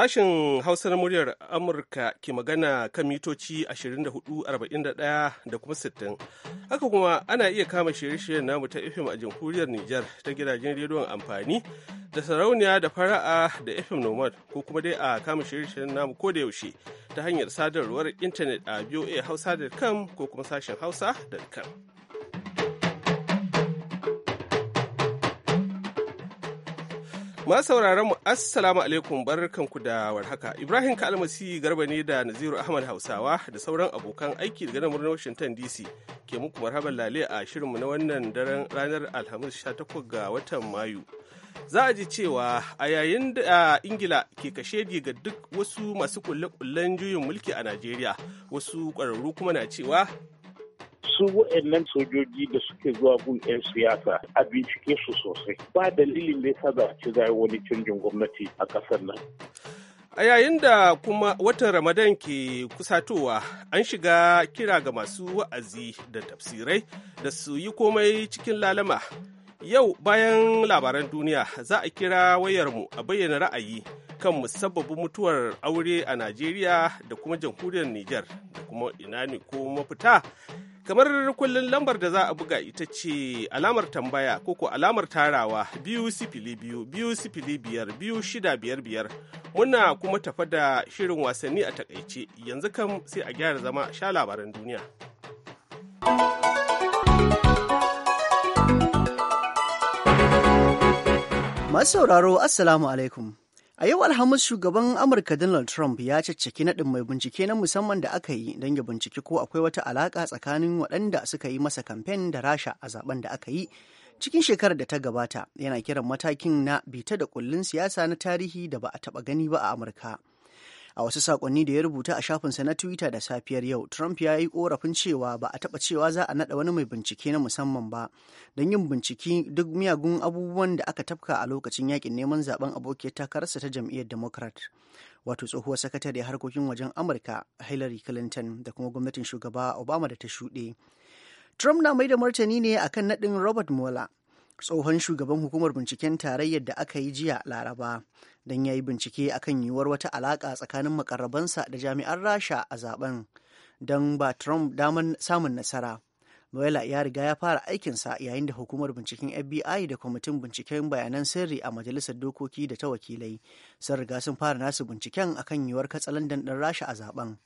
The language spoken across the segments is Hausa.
Sashen Hausar muryar Amurka ke magana kan mitoci 24,41 da kuma 60. Haka kuma ana iya kama shirye-shiryen namu ta FM a jamhuriyar Nijar ta gidajen rediyon amfani da sarauniya da fara'a da FM Nomad ko kuma dai a kama shirye-shiryen namu ko da yaushe ta hanyar sadarwar intanet a voahausa.com ko kuma sashen hausa.com. Ma sauraron mu assalamu alaikum barkanku da warhaka. Ibrahim Kalmasi Garba ne da Naziru Ahmad Hausawa da sauran abokan aiki daga nan Washington DC ke muku marhaban lale a shirinmu na wannan daren ranar Alhamis 18 ga watan Mayu. Za a ji cewa a yayin da Ingila ke kashedi ga duk wasu masu kulle-kullen juyin mulki a Najeriya, wasu ƙwararru kuma na cewa su wa'annan sojoji da suke zuwa gun 'yan siyasa a bincike su sosai ba dalilin da ya za a ci zai wani canjin gwamnati a ƙasar nan. A yayin da kuma watan Ramadan ke kusatowa, an shiga kira ga masu wa'azi da tafsirai da su yi komai cikin lalama. Yau bayan labaran duniya za a kira wayarmu a bayyana ra'ayi kan musabbabin mutuwar aure a Najeriya da kuma jamhuriyar Niger, da kuma ina ne ko mafita. Kamar kullum lambar da za a buga ita ce alamar tambaya ko ko alamar tarawa biyu sifili biyu biyu sifili biyar biyu shida biyar biyar. Muna kuma tafa da shirin wasanni a takaice yanzu kam sai a gyara zama sha labaran duniya. Masu sauraro Assalamu alaikum. A yau Alhamis shugaban Amurka Donald Trump ya caccaki naɗin mai bincike na musamman da aka yi don ya bincike ko akwai wata alaƙa tsakanin waɗanda suka yi masa kamfen da Rasha a zaben da aka yi cikin shekarar da ta gabata yana kiran matakin na bita da kullun siyasa na tarihi da ba a taɓa gani ba a Amurka. A wasu sakonni da ya rubuta a shafinsa na Twitter da safiyar yau, Trump ya yi korafin cewa ba a taɓa cewa za a naɗa wani mai bincike na musamman ba don yin bincike duk miyagun abubuwan da aka tafka a lokacin yakin neman zaben abokiyar takararsa ta jam'iyyar Democrat. Wato tsohuwar sakatare harkokin wajen Amurka Hillary Clinton da kuma gwamnatin shugaba Obama da ta shuɗe. Trump na mai da martani ne akan naɗin Robert Mueller tsohon shugaban hukumar binciken tarayyar da aka yi jiya laraba don ya yi bincike akan yiwuwar wata alaƙa tsakanin makarrabansa da jami'an rasha a zaben don ba trump damar samun nasara Mueller ya riga ya fara aikinsa yayin da hukumar binciken FBI da kwamitin binciken bayanan sirri a majalisar dokoki da ta wakilai sun riga sun fara nasu binciken akan yiwuwar katsalandan ɗin rasha a zaben.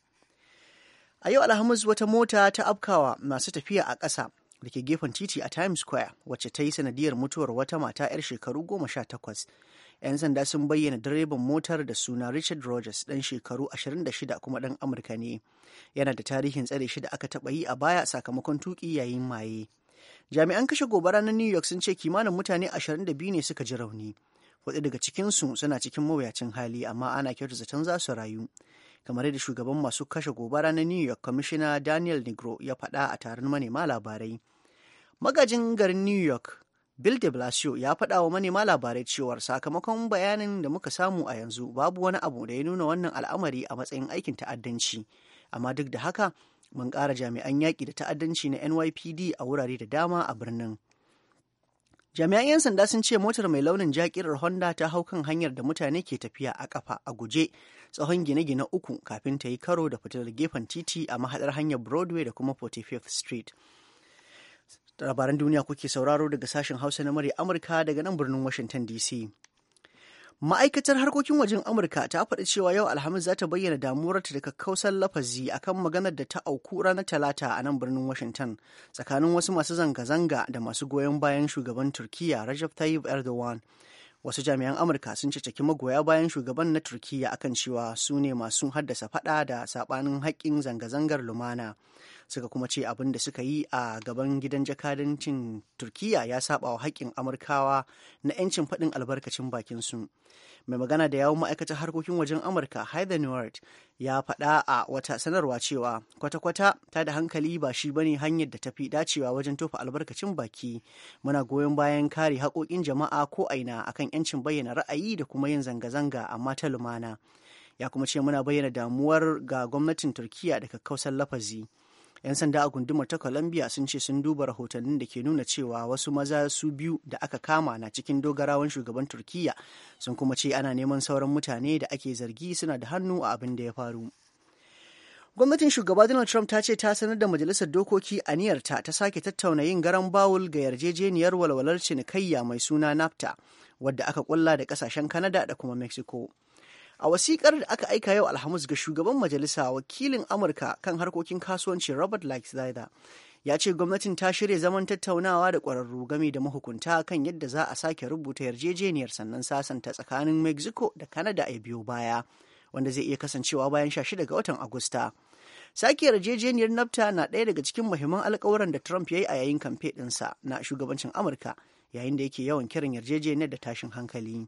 A yau Alhamis wata mota ta afkawa masu tafiya a ƙasa da ke gefen titi a Times Square wacce ta yi sanadiyar mutuwar wata mata 'yar shekaru goma sha takwas. 'Yan sanda sun bayyana direban motar da suna Richard Rogers ɗan shekaru 26 kuma ɗan Amurka ne. Yana da tarihin tsare shi da aka taɓa yi a baya sakamakon tuƙi yayin maye. Jami'an kashe gobara na New York sun ce kimanin mutane 22 ne suka ji rauni. Wadda daga cikinsu suna cikin mawuyacin hali amma ana kyautu zaton za su rayu. kamar da shugaban masu kashe gobara na new york Kwamishina daniel negro ya faɗa a taron manema labarai Magajin garin New York, Bill de Blasio ya faɗa wa manema labarai cewar sakamakon bayanin da muka samu a yanzu babu wani abu da ya nuna wannan al'amari a matsayin aikin ta'addanci. Amma duk da haka, mun ƙara jami'an yaƙi da ta'addanci na NYPD a wurare da dama a birnin. Jami'an 'yan sanda sun ce motar mai launin jakirar Honda ta hau kan hanyar da mutane ke tafiya a ƙafa a guje tsawon gine-gine uku kafin ta yi karo da fitilar gefen titi a mahaɗar hanyar Broadway da kuma 45th Street. labaran duniya kuke sauraro daga sashen hausa na murya amurka daga nan birnin washington dc ma'aikatar harkokin wajen amurka ta faɗi cewa yau alhamis za ta bayyana ta daga kakkausar lafazi akan maganar da ta auku ranar talata a nan birnin washington tsakanin wasu masu zanga-zanga da masu goyon bayan shugaban Turkiyya, rajab tayyip erdogan wasu jami'an amurka sun ceceki magoya bayan shugaban na turkiya akan cewa su ne masu haddasa faɗa da saɓanin haƙƙin zanga-zangar lumana suka kuma ce abin da suka yi a gaban gidan jakadancin turkiya ya saba wa haƙƙin amurkawa na 'yancin faɗin albarkacin bakin su mai magana da yawon ma'aikatar harkokin wajen amurka heather newart ya faɗa a wata sanarwa cewa kwata-kwata ta da hankali ba shi bane hanyar da tafi dacewa wajen tofa albarkacin baki muna goyon bayan kare haƙoƙin jama'a ko aina akan 'yancin bayyana ra'ayi da kuma yin zanga-zanga amma ta lumana ya kuma ce muna bayyana damuwar ga gwamnatin turkiya da kakkausan lafazi 'yan sanda a gundumar ta colombia sun ce sun duba rahotannin da ke nuna cewa wasu maza su biyu da aka kama na cikin dogarawan shugaban Turkiyya sun kuma ce ana neman sauran mutane da ake zargi suna da hannu a abin da ya faru gwamnatin shugaba donald trump ta ce ta sanar da majalisar dokoki aniyarta ta sake tattauna yin garan bawul ga yarjejeniyar walwalar cinikayya mai suna nafta wadda aka kulla da kasashen canada da kuma mexico A wasikar da aka aika yau Alhamis ga shugaban majalisa wakilin Amurka kan harkokin kasuwanci Robert Lighthizer ya ce gwamnatin ta shirya zaman tattaunawa da ƙwararru game da mahukunta kan yadda za a sake rubuta yarjejeniyar sannan sasanta tsakanin Mexico da Canada a biyo baya, wanda zai iya kasancewa bayan sha 16 ga watan Agusta. Sake yarjejeniyar NAFTA na ɗaya daga cikin muhimman alkawuran da Trump ya yi a yayin kamfe ɗinsa na shugabancin Amurka yayin da yake yawan kiran yarjejeniyar da tashin hankali.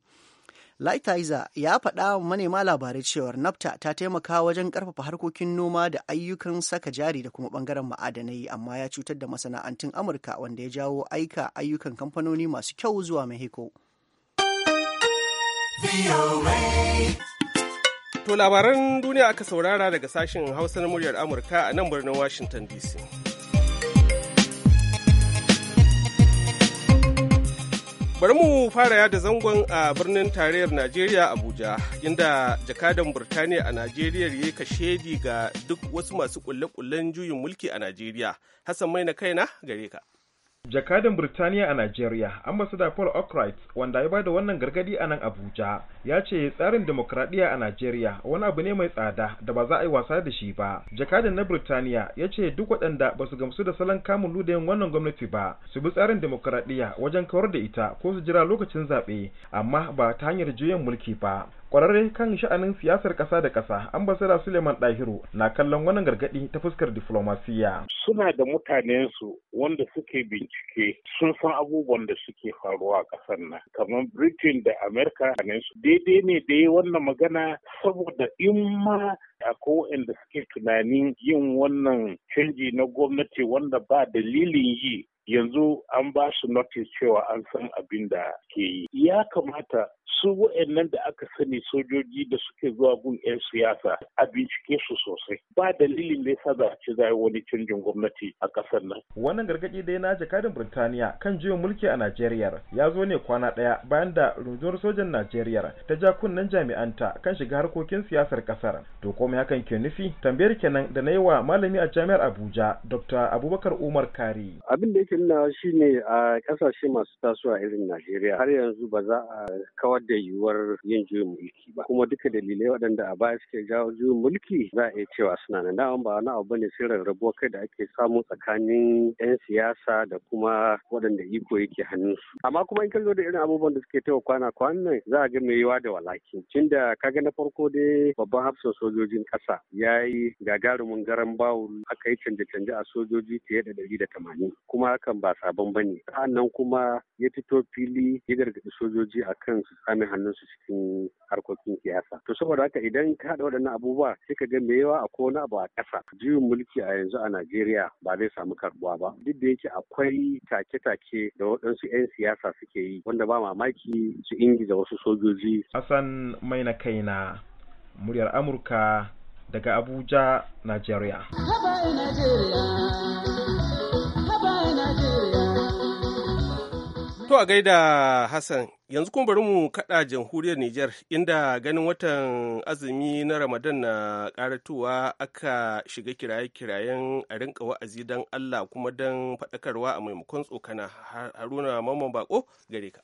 Lighthizer ya faɗa manema labarai cewar NAFTA ta taimaka wajen ƙarfafa harkokin noma da ayyukan saka jari da kuma ɓangaren ma'adanai amma ya cutar da masana'antun Amurka wanda ya jawo aika ayyukan kamfanoni masu kyau zuwa Mexico. To labaran duniya aka saurara daga sashen Hausa na muryar Amurka a nan birnin Washington DC. Bari mu fara yada zangon a birnin tarayyar Najeriya Abuja, inda jakadan Burtaniya a Najeriya ya kashedi ga duk wasu masu kulle-kullen juyin mulki a Najeriya. Hassan mai na kaina gare ka. Jakadan Birtaniya a Najeriya, da Paul Ockright, wanda ya bada wannan gargadi a nan Abuja, ya ce tsarin demokradiyya a Najeriya wani abu ne mai tsada da ba za a yi wasa da shi ba. Jakadan na Birtaniya ya ce duk waɗanda ba su gamsu da salon kamun ludayin wannan gwamnati ba, su bi tsarin demokradiyya wajen kawar da ita ko su jira lokacin zaɓe, amma ba ta hanyar juyin mulki ba. kwararre kan sha'anin siyasar ƙasa da ƙasa ambasada suleiman dahiru na kallon wannan gargaɗi ta fuskar diflomasiya suna da mutanensu wanda suke bincike sun san abubuwan da suke faruwa a ƙasar nan kamar britain da america ne su daidai ne da yi wannan magana saboda in ma akwai waɗanda suke tunanin yin wannan canji na gwamnati wanda ba dalilin yi yanzu an ba su notice cewa an san abin da ke yi ya kamata su wa'annan da aka sani sojoji da suke zuwa gun 'yan siyasa a bincike su sosai ba dalilin da sa za a ci za wani canjin gwamnati a ƙasar nan. wannan gargaɗi dai na jakadin birtaniya kan juyin mulki a najeriya ya zo ne kwana ɗaya bayan da rundunar sojan najeriya ta ja kunnen jami'anta kan shiga harkokin siyasar ƙasar to kuma hakan ke nufi tambayar kenan da na yi wa malami a jami'ar abuja dr abubakar umar kari. abin da yake ra'ayin shi ne a kasashe masu tasowa irin Najeriya har yanzu ba za a kawar da yiwuwar yin juyin mulki ba kuma duka dalilai waɗanda a baya suke jawo juyin mulki za a iya cewa suna N'a dama ba wani abu ne sai rarrabuwa kai da ake samu tsakanin 'yan siyasa da kuma waɗanda iko yake hannunsu amma kuma in ka zo da irin abubuwan da suke tawa kwana kwanan za a ga mai yiwa da walaki tunda kaga na farko dai babban hafsan sojojin ƙasa ya yi gagarumin garan bawul aka yi canje-canje a sojoji fiye da ɗari da tamanin kuma hakan ba sabon bane sa'annan kuma ya fito fili ya gargaɗi sojoji a kan su hannun hannunsu cikin harkokin siyasa to saboda haka idan ka haɗa waɗannan abubuwa sai ka ga me yawa ko wani abu a ƙasa juyin mulki a yanzu a Najeriya ba zai samu karɓuwa ba duk da yake akwai take-take da waɗansu 'yan siyasa suke yi wanda ba mamaki su ingiza wasu sojoji Hassan mai na kaina muryar Amurka daga Abuja, Najeriya. To a gaida Hassan, yanzu kuma bari mu kaɗa jamhuriyar Nijar inda ganin watan azumi na Ramadan na karatuwa aka shiga kiraye-kirayen a rinka wa'azi don Allah kuma don faɗakarwa a maimakon tsokana Haruna Mamman Bako gare ka.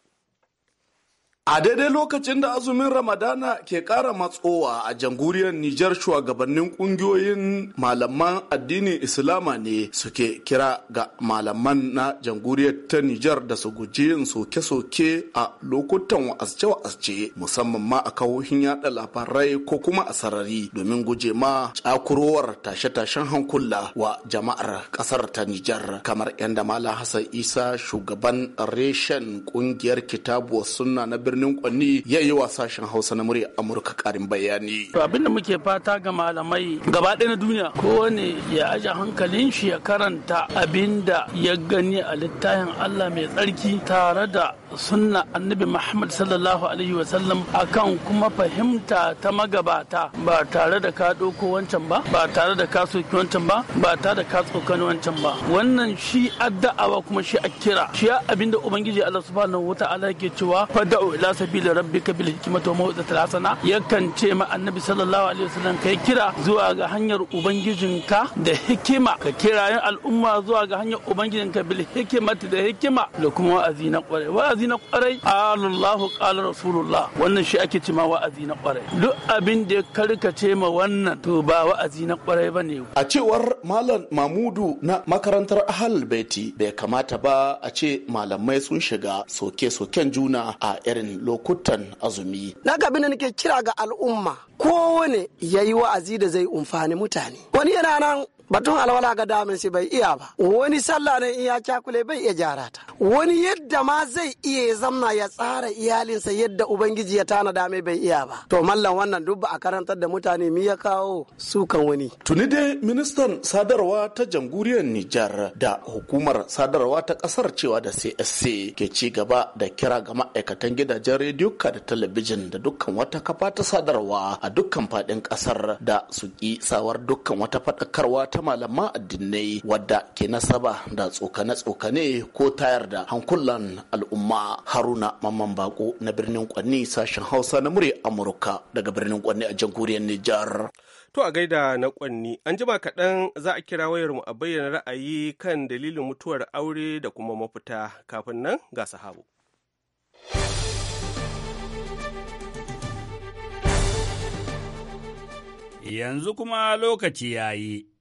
A daidai lokacin da azumin Ramadana ke ƙara matsowa a jamhuriyar Nijar shugabannin ƙungiyoyin malaman addinin Islama ne suke kira ga malaman na jamhuriyar ta Nijar da su guji yin soke-soke a lokutan wa'azce-wa'azce musamman ma a kawohin yaɗa labarai ko kuma a sarari domin guje ma cakurowar tashe-tashen hankula wa jama'ar ƙasar ta Nijar kamar yadda Malam Hassan Isa shugaban reshen ƙungiyar Kitabu Sunna na birnin Kwanni ya yi wa sashen Hausa na murya Amurka karin bayani. To abinda muke fata ga malamai gaba ɗaya na duniya kowane ya aje hankalin shi ya karanta abinda ya gani a littafin Allah mai tsarki tare da sunna annabi Muhammad sallallahu alaihi wasallam akan kuma fahimta ta magabata ba tare da ka ɗauko wancan ba ba tare da ka soki wancan ba ba tare da ka tsokani wancan ba wannan shi addu'a kuma shi a kira shi abinda ubangiji Allah subhanahu wata'ala yake cewa fada'u ila sabila rabbika bil hikmati wa mawdatil hasana yakan ce ma annabi sallallahu alaihi wasallam kai kira zuwa ga hanyar ubangijinka da hikima ka kirayen al'umma zuwa ga hanyar ubangijinka bil da hikima da kuma wa'azi na kwarai wa'azi na kwarai alallahu qala rasulullah wannan shi ake cima wa'azi na kwarai duk abin da ya ce ma wannan to ba wa'azi na kwarai bane a cewar malam mamudu na makarantar ahal baiti bai kamata ba a ce malamai sun shiga soke-soken juna a irin lokutan azumi. Na gabi na nake kira ga al'umma kowane ya yi wa'azi da zai umfani mutane. Wani yana nan batun alwala ga damin shi bai iya ba wani sallah ne in ya cakule bai iya gyara ta wani yadda ma zai iya ya zamna ya tsara iyalinsa yadda ubangiji ya tana dame bai iya ba to mallan wannan duk ba a karantar da mutane mi ya kawo su kan wani tuni dai ministan sadarwa ta jamhuriyar Nijar da hukumar sadarwa ta kasar cewa da CSC ke ci gaba da kira ga ma'aikatan gidajen rediyo da talabijin da dukkan wata kafa ta sadarwa a dukkan faɗin kasar da su ki sawar dukkan wata faɗakarwa ta ta malaman addinai wadda ke nasaba da tsokane-tsokane ko tayar da hankulan al'umma haruna mamman bako na birnin kwanni sashen hausa na murya amurka daga birnin kwanni a jamhuriyar nijar To a gaida na kwanni, an jima kaɗan za a kira wayar mu a bayyana ra'ayi kan dalilin mutuwar aure da kuma mafita kafin nan ga sahabu. Yanzu kuma lokaci ya yi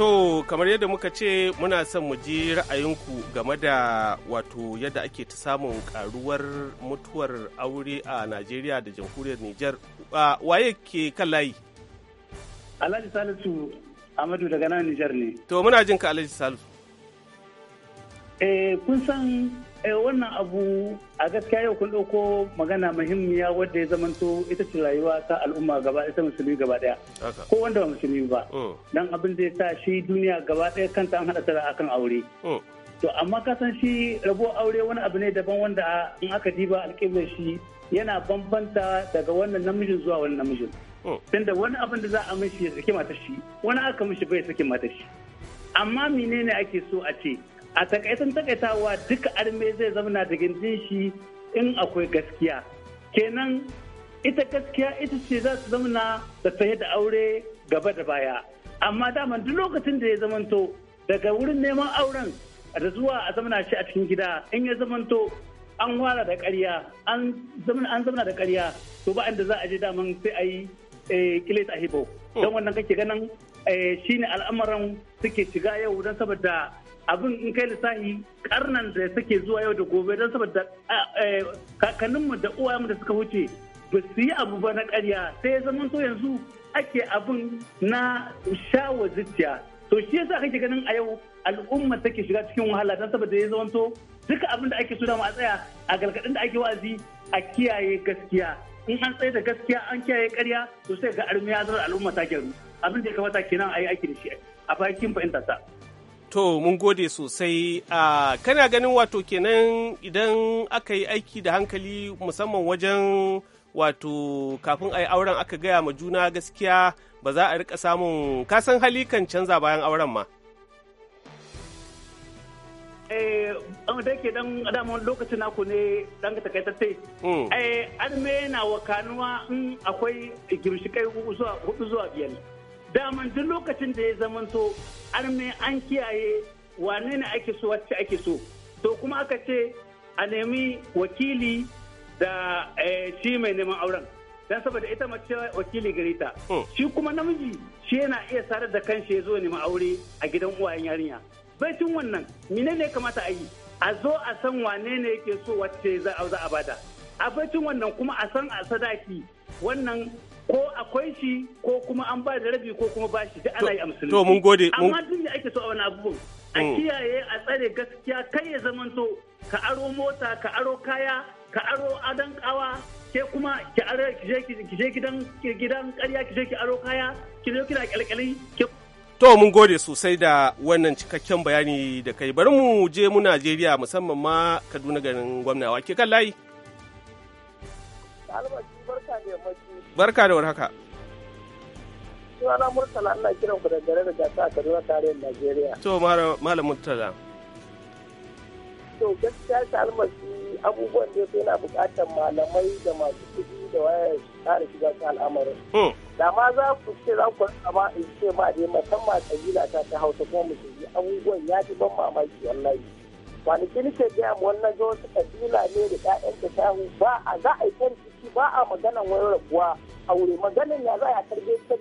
To kamar yadda muka ce muna son mu ji ra'ayinku game da wato yadda ake ta samun karuwar mutuwar aure a Najeriya da jamhuriyar Nijar. Waye ke kan layi? Alhaji Salisu Amadu daga nan Nijar ne. To muna jin ka Alhaji Salisu. Eh kun san eh wannan abu a gaskiya yau kun ɗauko magana muhimmiya wadda ya zamanto ita ce rayuwa ta al'umma gaba ita musulmi gaba ɗaya ko wanda ba musulmi ba oh. dan abin da ya sa shi duniya gaba ɗaya kanta an haɗa tara akan aure oh. to amma ka san shi rabo aure wani abu ne daban wanda in aka diba alƙiblar shi yana bambanta daga wannan namijin zuwa wani namijin oh. tunda wani abin da za a mishi ya saki matar shi wani aka mishi bai saki matar shi amma menene ake so a ce a takaitan takaitawa duka arme zai zamana da gindin shi in akwai gaskiya kenan ita gaskiya ita ce za su zamana da ta da aure gaba da baya amma dama duk lokacin da ya zamanto daga wurin neman auren da zuwa a zamana shi a cikin gida in ya zamanto an wara da ƙarya an zamana da ƙarya to ba inda za a je daman sai a yi eh, kilis a hibo hmm. don wannan kake ganin eh, shine al'amuran suke shiga yau don saboda abin in kai lissahi karnan da suke zuwa yau da gobe don saboda kakanninmu da uwayenmu da suka wuce ba su yi abu ba na karya sai zaman so yanzu ake abin na wa zuciya to shi yasa kake ganin a yau al'umma take shiga cikin wahala don saboda ya zama to duka abin da ake so dama a tsaya a galgadin da ake wa'azi a kiyaye gaskiya in an tsaye da gaskiya an kiyaye karya to sai ga armiya zarar al'umma ta gyaru abin da ya kamata kenan a yi aiki da shi a bakin fahimta ta. To mun gode sosai a kana ganin wato kenan idan aka yi aiki da hankali musamman wajen wato kafin a yi auren aka gaya ma juna gaskiya ba za a rika samun kasan hali kan canza bayan auren ma. eh da ke dan dama lokacin naku ne dan ka takaitacce hmm. eh an me na wakanuwa in akwai kai hudu zuwa biyar daman duk lokacin da ya zamanto arme an kiyaye wane ne ake so wacce ake so to kuma aka ce a nemi wakili da eh, shi mai neman auren don saboda ita mace wakili gare ta oh. shi kuma namiji shi yana iya sarar da kanshi ya zo neman aure a gidan uwayen yarinya baitin wannan mine ne kamata a yi a zo a san wane ne yake so wacce za a bada a baitin wannan kuma a san a sadaki wannan ko akwai shi ko kuma an ba da rabi ko kuma ba shi duk ana yi a musulunci. To mun gode. Amma duk da ake so a wani abubuwan. A mm. kiyaye a tsare gaskiya kai ya zamanto ka aro mota ka aro kaya ka aro adon kawa ke kuma ki aro ki je gidan gidan ƙarya ki je ki aro kaya ki zo kina kyalkyali ki To mun gode sosai da wannan cikakken bayani da kai bari mu je mu Najeriya musamman ma Kaduna garin gwamnawa ke kan layi. barka ne mace Barka da warhaka. Sunana Murtala ana kiran ku da gare da gasa a Kaduna tarayyar Najeriya. To Malam Murtala. To gaskiya shi almasi abubuwan da yana buƙatar malamai da masu kuɗi da wayar tsara shiga su al'amarin. Hmm. Da ma za ku ce za ku rasa ma in ce ma dai musamman kabila ta ta Hausa kuma musulmi abubuwan ya ji ban mamaki wallahi. Kwanaki nake gaya mu wannan zo wata kabila ne da 'ya'yanta ta ba a za a yi ba a maganan wani rabuwa aure maganan ya za a ta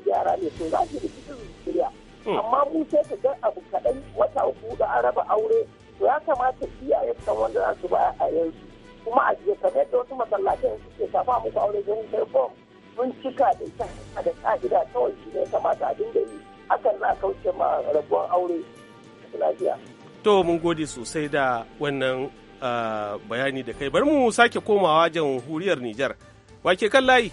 yara ne to za su rikici su zuciya hmm. amma mu sai ka ga abu kaɗan wata uku da an raba aure to ya kamata iyaye san wanda za su ba a yanzu kuma a jiya kamar yadda wasu masallacin suke safa muku aure don kai form mun cika da ita da ka'ida kawai shi ne kamata a dinga yi hakan na kauce ma rabuwar aure lafiya. To mun gode sosai da wannan bayani da kai bari mu sake komawa huriyar Nijar wake kan layi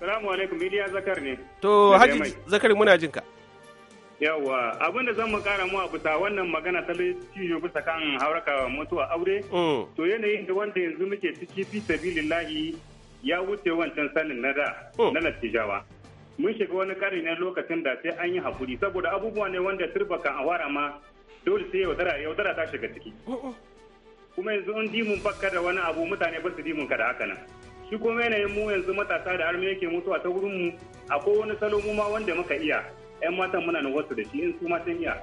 Salamu alaikum Iliya Zakar ne to Haji Zakari muna jinka yawwa abin da zan mu kara mu a bisa wannan magana ta ciyo bisa kan hauraka mutuwa aure mm. to yanayin da wanda yanzu muke ciki fi sabilillahi ya wuce wancan sanin na da mm. na latijawa mun shiga wani kari na lokacin da sai an yi hakuri saboda abubuwa ne wanda turba kan awara ma dole sai yaudara yaudara ta shiga ciki mm, kuma yanzu an dimun bakka da wani abu mutane ba su dimun ka da haka nan shi kuma yanayin mu yanzu matasa da arme yake mutuwa ta gurin mu akwai wani salo mu ma wanda muka iya yan matan muna nan wasu da shi in su ma sun iya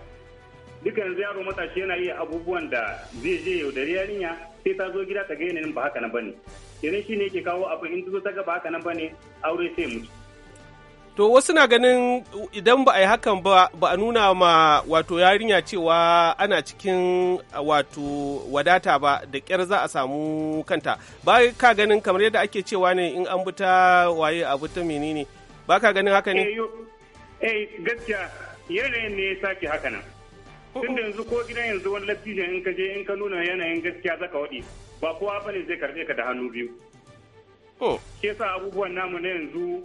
duka yanzu yaro matashi yana iya abubuwan da zai je yau da yarinya sai ta zo gida ta ga yanayin ba haka nan bane kenan ne yake kawo abu in ta zo ta ga ba haka nan bane aure sai mutu To wasu na ganin idan ba a yi hakan ba ba a nuna ma wato yarinya cewa ana cikin wato wadata ba da ƙyar za a samu kanta. Ba ka ganin kamar yadda ake cewa ne in an buta waye abu ta menene ba ka ganin haka ne? Eh, eh gaskiya yanayin ne ya sake haka nan. Oh, oh. Tun da yanzu ko gidan yanzu wani lafi ne in ka je in ka nuna yanayin gaskiya zaka waɗi ba kowa bane zai karɓe ka da hannu biyu. Oh. Shi yasa abubuwan namu na yanzu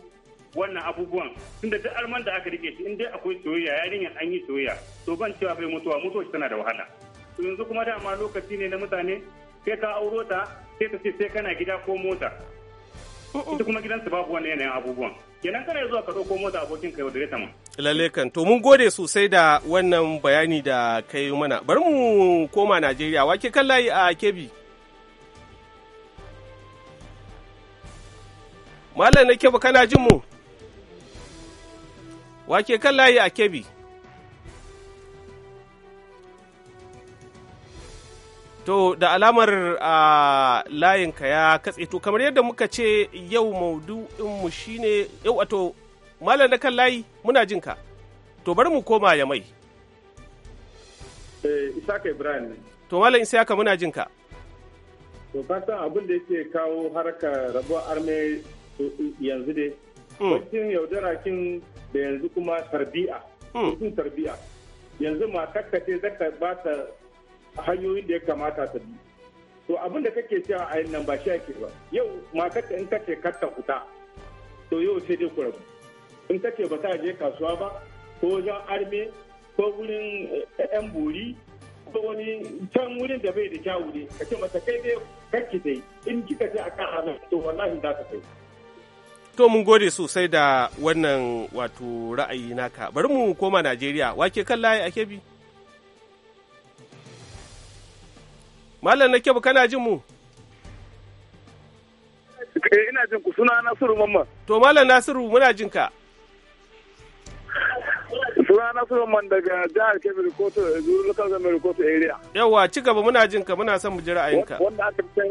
wannan abubuwan tunda duk alman da aka rike shi in dai akwai soyayya yarinyar an yi soyayya to ban cewa bai mutuwa mutuwa tana da wahala to yanzu kuma dama lokaci ne na mutane sai ka auro ta sai ta ce sai kana gida ko mota ita kuma gidansu babu wani yanayin abubuwan kenan kana zuwa ka ɗauko mota abokin ka yaudare ta ma. lalekan to mun gode sosai da wannan bayani da kai mana bari mu koma najeriya wake kan layi a kebi malam na kebi kana jin mu Wake kan layi a kebi. To da alamar a layinka ya katse to kamar yadda muka ce yau maudu'inmu shine yau wato malam na kan layi muna jin ka. To bari mu koma ya mai. Eh, Isaka Ibrahim. To malam Isaka muna jin ka. To kasan abin da yake kawo harka rabuwar arme yanzu dai. wajen hmm. yaudara kin da yanzu kuma tarbiya hmm. mutum tarbiya yanzu matar ka ce zaka ba ta hanyoyin da ya kamata ta bi to abin da kake cewa a nan ba shi ake ba yau matar ka in kace katta kuta to yau sai dai ku in kace ba ta je kasuwa ba ko wajen arme ko wurin yan eh, buri ko wani can wurin da bai da kyawu ne kace mata kai dai kakki dai in kika ce a kan to wallahi za ta kai To mun gode sosai da wannan wato ra'ayi naka. Bari mu koma Najeriya, wake kan layi a kebi? Malam na kebi kana jin mu? Eh ina jin ku suna Nasiru Mamman. To Malam Nasiru muna jin ka. Suna Nasiru Mamman daga jihar Kebbi Rikoto, Zuru Lokal Zama Rikoto area. Yawa ci gaba muna jin ka muna son mu ji ra'ayinka. Wanda aka fi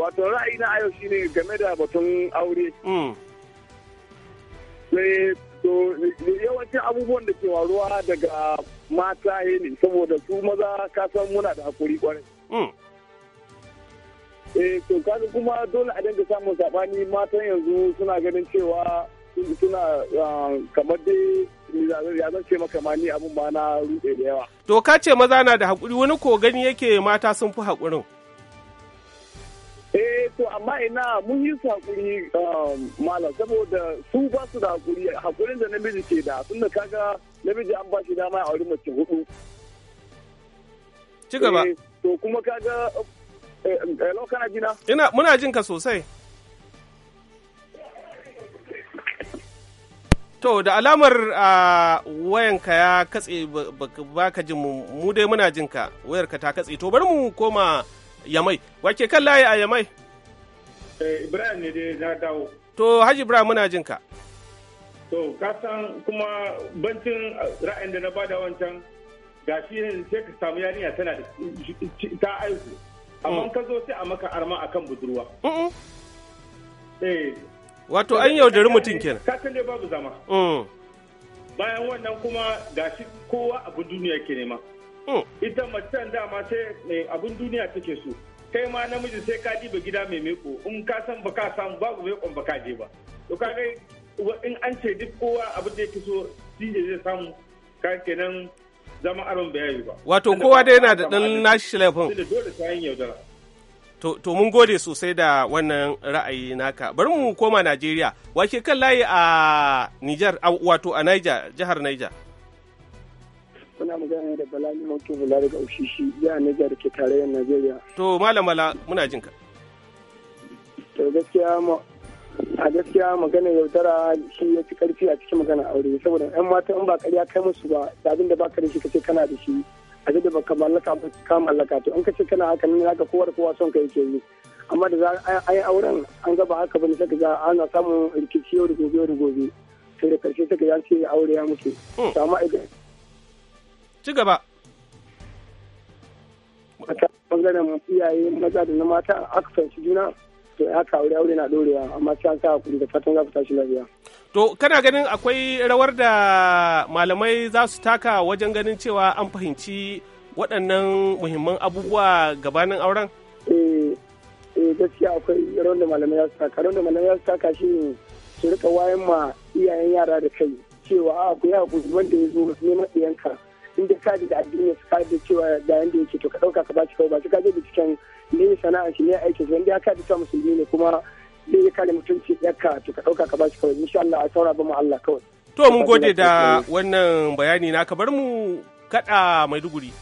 wato ra'ayi na ayo shine game da batun aure. Mm. sai to yawancin abubuwan da ke waruwa daga mata ya ne saboda su maza ka san muna da hakuri kwarai hmm. eh to kasu kuma dole a dinga samun sabani matan yanzu suna ganin cewa suna ah, kamar dai ya zan ce maka mani abin ba na rude da yawa to ka ce maza na da hakuri wani ko gani yake mata sun fi hakurin Eh to amma ina mun yi su hakuri um, malam saboda su ba su da hakuri hakurin da namiji ke da sun da kaga namiji an ba shi dama a wurin mace hudu. Ci gaba. Eh, to kuma kaga eh, hello kana jina? Ina muna jin ka sosai. To da alamar ah, wayanka ya katse baka jin mu dai muna jin ka wayarka ta katse to bari mu koma Yamai. Wake kan layi a Yamai? Eh, Ibrahim ne dai na dawo. To Haji Ibrahim muna jinka ka. To kasan kuma bancin eh, ra'ayin da na bada wancan gashi ne sai ka samu yarinya tana da ta aihu. Amma mm. ka zo sai a maka arma akan budurwa. Eh. Wato an yaudari mutum kenan. Kasan dai babu zama. Mm. Bayan wannan kuma gashi kowa abu duniya ke nema. ita macen dama sai abin duniya take so kai ma namiji sai ka ba gida mai meko in ka san baka samu babu ba ka je ba to kai in an ce duk kowa abin da yake so ne zai samu ka kenan zama aron bayani ba wato kowa dai yana da dan nashi laifin dole ta yin yaudara To, to mun gode sosai da wannan ra'ayi naka. Bari mu koma Najeriya, wake kan layi a Nijar, wato a Niger, jihar Niger. Kuna magana da Bala Moto Bala daga Oshishi, ya Niger da ke tarayyar Najeriya. To, Malam Bala, muna jin ka. To, gaskiya a gaskiya magana yaudara shi ya fi karfi a cikin magana aure saboda yan mata in ba karya kai musu ba da abin da baka da shi kace kana da shi a da baka mallaka ba ka mallaka to in kace kana haka ne zaka kowa kowa son ka yake yi amma da za a yi auren an ga ba haka bane za ga ana samun rikici yau da gobe yau da gobe sai da karshe saka ya ce aure ya mutu hmm. to amma idan Ci gaba. Mata bangaren iyaye maza da na mata aka fahimci juna to ya haka aure aure na ɗorewa, amma sai an sa da fatan za ku tashi lafiya. To kana ganin akwai rawar da malamai za su taka wajen ganin cewa an fahimci waɗannan muhimman abubuwa gabanin auren? Eh eh, gaskiya akwai rawar da malamai za su taka rawar da malamai za su taka shi ne su rika wayan ma iyayen yara da kai cewa a ku yi hakuri wanda ya zo neman ɗiyanka in ka da addini su ka da cewa da yanda yake to ka dauka ka baci kawai ba ka je cikin ne sana'a shi ne aikin wanda ya ka da cewa musulmi ne kuma zai ya kare mutunci ka to ka dauka ka baci kawai insha Allah a saura ba mu Allah kawai to mun gode da wannan bayani na ka bar mu kada Maiduguri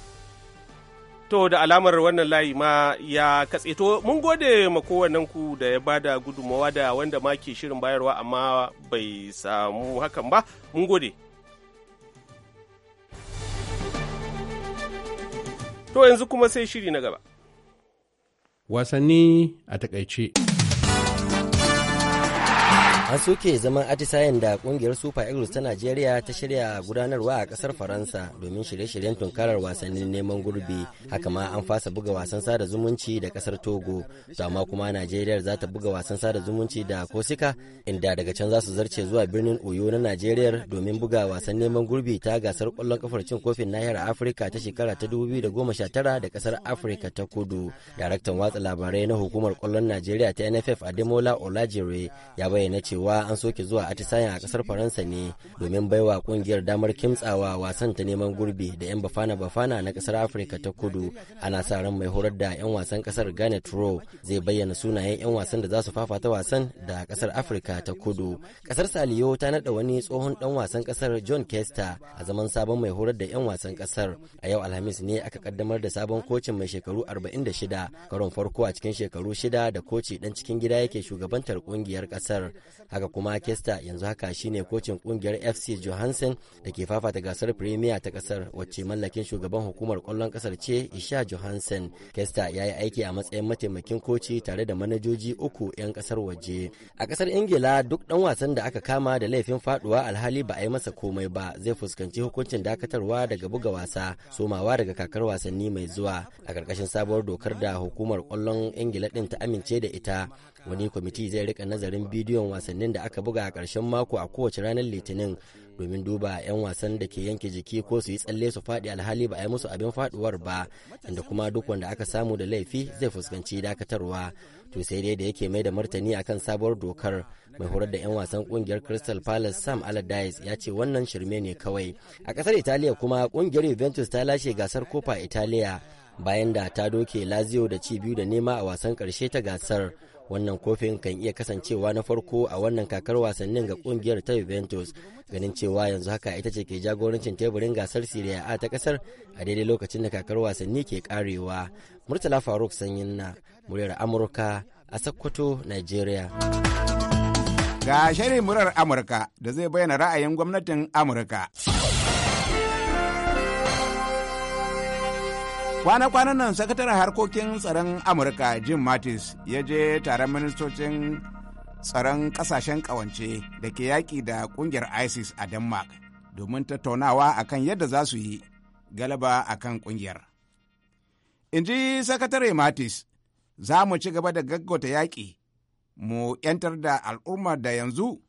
to da alamar wannan layi ma ya katse to mun gode ma kowannen ku da ya bada gudummawa da wanda ma ke shirin bayarwa amma bai samu hakan ba mun gode To yanzu kuma sai shiri na gaba. Wasanni a takaice. an soke zaman atisayen da kungiyar super eagles ta najeriya ta shirya gudanarwa a kasar faransa domin shirye-shiryen tunkarar wasannin neman gurbi haka ma an fasa buga wasan sada zumunci da kasar togo to amma kuma nigeria za ta buga wasan sada zumunci da kosika inda daga can za su zarce zuwa birnin oyo na najeriya domin buga wasan neman gurbi ta gasar kwallon kafar cin kofin nahiyar afirka ta shekara ta 2019 da goma sha tara da kasar afirka ta kudu daraktan watsa labarai na hukumar kwallon najeriya ta nff ademola olajire ya bayyana cewa cewa an soke zuwa atisayen a kasar faransa ne domin baiwa kungiyar damar kimtsawa wasan ta neman gurbi da 'yan bafana bafana na kasar afirka ta kudu ana sa ran mai horar da 'yan wasan kasar ghana turo zai bayyana sunayen 'yan wasan da za su fafata wasan da kasar afirka ta kudu kasar saliyo ta nada wani tsohon dan wasan kasar john kester a zaman sabon mai horar da 'yan wasan kasar a yau alhamis ne aka kaddamar da sabon kocin mai shekaru arba'in da shida karon farko a cikin shekaru shida da koci dan cikin gida yake shugabantar kungiyar kasar haka kuma kesta yanzu haka shine kocin kungiyar fc johansen da ke fafata gasar premier ta kasar wacce mallakin shugaban hukumar kwallon kasar ce isha johansen kesta ya yi aiki a matsayin mataimakin koci tare da manajoji uku 'yan kasar waje a kasar ingila duk dan wasan da aka kama da laifin faduwa alhali ba a yi masa komai ba zai fuskanci hukuncin dakatarwa daga buga wasa somawa daga kakar wasanni mai zuwa a karkashin sabuwar dokar da hukumar kwallon ingila din ta amince da ita wani kwamiti zai rika nazarin bidiyon wasanni wasannin da aka buga a ƙarshen mako a kowace ranar litinin domin duba 'yan wasan da ke yanke jiki ko su yi tsalle su faɗi alhali ba a yi musu abin faɗuwar ba inda kuma duk wanda aka samu da laifi zai fuskanci dakatarwa to sai dai da yake mai da martani akan sabuwar dokar mai horar da 'yan wasan kungiyar crystal palace sam allardyce ya ce wannan shirme ne kawai a ƙasar italiya kuma kungiyar juventus ta lashe gasar copa italiya bayan da ta doke lazio da ci biyu da nema a wasan karshe ta gasar wannan kofin kan iya kasancewa na farko a wannan kakar wasannin ga kungiyar ta juventus ganin cewa yanzu haka ita ce ke jagorancin teburin gasar serie a ta kasar a daidai lokacin da kakar wasanni ke karewa murtala faruk sanyin na muryar amurka a sokoto nigeria ga shirin murar amurka da zai bayyana ra'ayin gwamnatin amurka kwana-kwanan nan sakataren harkokin tsaron amurka jim mattis ya je taron ministocin tsaron kasashen kawance da ke yaƙi da ƙungiyar isis a denmark domin tattaunawa akan yadda za su yi galaba kan ƙungiyar in ji sakatare mattis za mu ci gaba da gaggauta yaƙi mu 'yantar da al'ummar da yanzu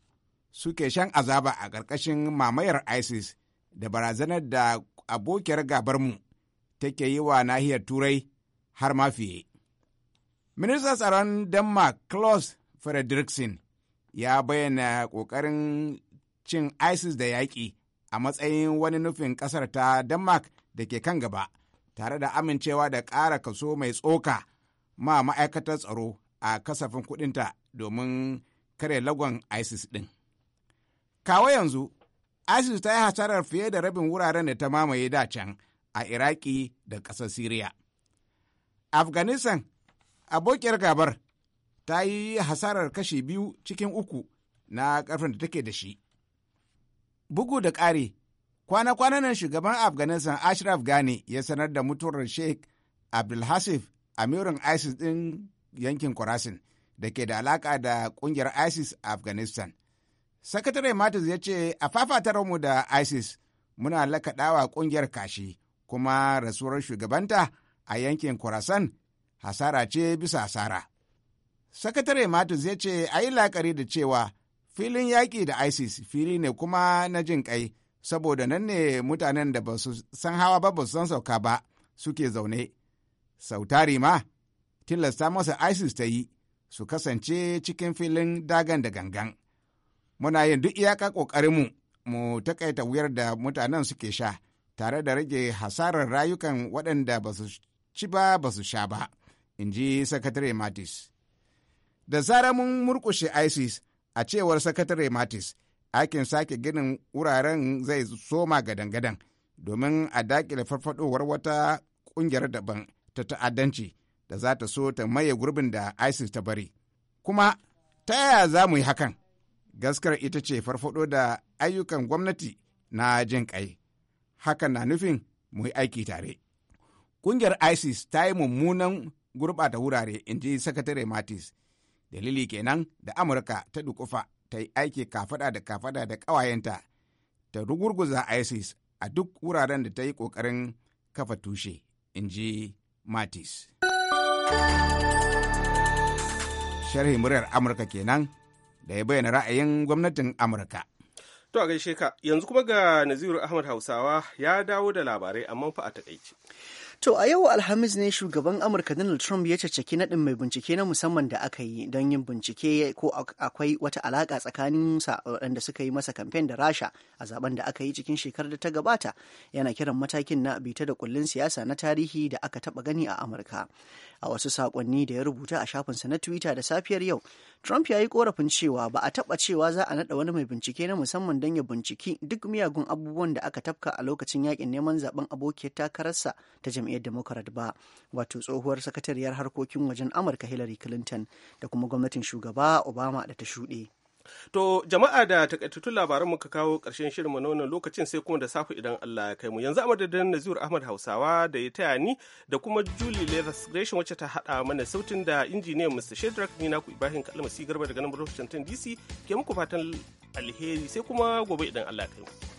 suke shan azaba a ƙarƙashin mamayar isis da barazanar da abokiyar gabarmu take yi wa nahiyar Turai har ma fiye. Ministan tsaron Denmark Klaus Frederiksen ya bayyana ƙoƙarin cin ISIS da yaƙi a matsayin wani nufin ƙasar ta Denmark da ke kan gaba, tare da amincewa da ƙara kaso mai tsoka ma ma'aikatar tsaro a kasafin kudinta domin kare lagon ISIS ɗin. Kawo yanzu, ISIS ta yi hasarar fiye da rabin wuraren da ta mamaye da can. a iraki da ƙasar siriya afghanistan abokiyar gabar ta yi hasarar kashi biyu cikin uku na ƙarfin da take da shi bugu da ƙari kwana-kwanan nan shugaban afghanistan ashraf ghani ya sanar da mutuwar sheikh abdulhasif amirin isis ɗin yankin Kurasin da ke da alaƙa da ƙungiyar isis a afghanistan sakatare matis ya ce a fafatarmu da isis muna lakaɗawa ƙungiyar kashi kuma rasuwar shugabanta a yankin kurasan hasara ce bisa hasara. Sakatare Matus ya ce a yi laƙari da cewa filin yaƙi da ISIS fili ne kuma na jin ƙai saboda nan ne mutanen da ba su san hawa ba ba su san sauka ba suke zaune. Sautari ma, tilasta masa ISIS ta yi su kasance cikin filin dagan da gangan. Muna yin duk iyaka ƙoƙarinmu mu taƙaita wuyar da mutanen suke sha. tare da rage hasarar rayukan waɗanda ba su ci ba ba su sha ba in ji sakatare matis da zarar mun murkushe isis a cewar sakatare matis aikin sake ginin wuraren zai soma gadan-gadan domin a dakile farfadowar wata ƙungiyar daban ta ta'addanci da za ta so ta maye gurbin da isis ta bari kuma ta yaya za mu yi hakan gaskar ita ce farfado da ayyukan gwamnati na jin ƙai hakan na nufin mu yi aiki tare ƙungiyar isis ta yi mummunan gurɓata wurare in ji sakatare matis dalili kenan da amurka ta dukufa ta yi aiki kafada da kafada da ƙawayenta ta rugurguza isis a duk wuraren da ta yi ƙoƙarin kafa tushe in ji matis sharhi muryar amurka kenan da ya bayyana ra'ayin gwamnatin amurka To a gaishe ka yanzu kuma ga Naziru Ahmad Hausawa ya dawo da labarai amma fa a takaice. To a yau Alhamis ne shugaban Amurka Donald Trump ya caccaki naɗin mai bincike na musamman da aka yi don yin bincike ko akwai wata alaƙa tsakanin sa waɗanda suka yi masa kamfen da Rasha a zaben da aka yi cikin shekarar da ta gabata yana kiran matakin na bita da kullun siyasa na tarihi da aka taɓa gani a Amurka. a wasu sakonni da ya rubuta a shafinsa na twitter da safiyar yau trump ya yi korafin cewa ba a taba cewa za a nada wani mai bincike na musamman don ya binciki duk miyagun abubuwan da aka tafka a lokacin yakin neman zaben abokiyar takararsa ta jam'iyyar democrat ba wato tsohuwar sakatariyar harkokin wajen amurka hillary clinton da kuma gwamnatin shugaba obama da ta shuɗe. To jama'a da takaitattun labaran muka kawo ƙarshen shirinmu na wannan lokacin sai kuma da safe idan Allah ya kai mu. Yanzu da madadin Nazir Ahmad Hausawa da ya taya ni da kuma Julie Leathers Gresham wacce ta haɗa mana sautin da injiniyan Mr. Shedrack ni naku Ibrahim Kalmasi Garba daga nan Washington DC ke muku fatan alheri sai kuma gobe idan Allah ya kai mu.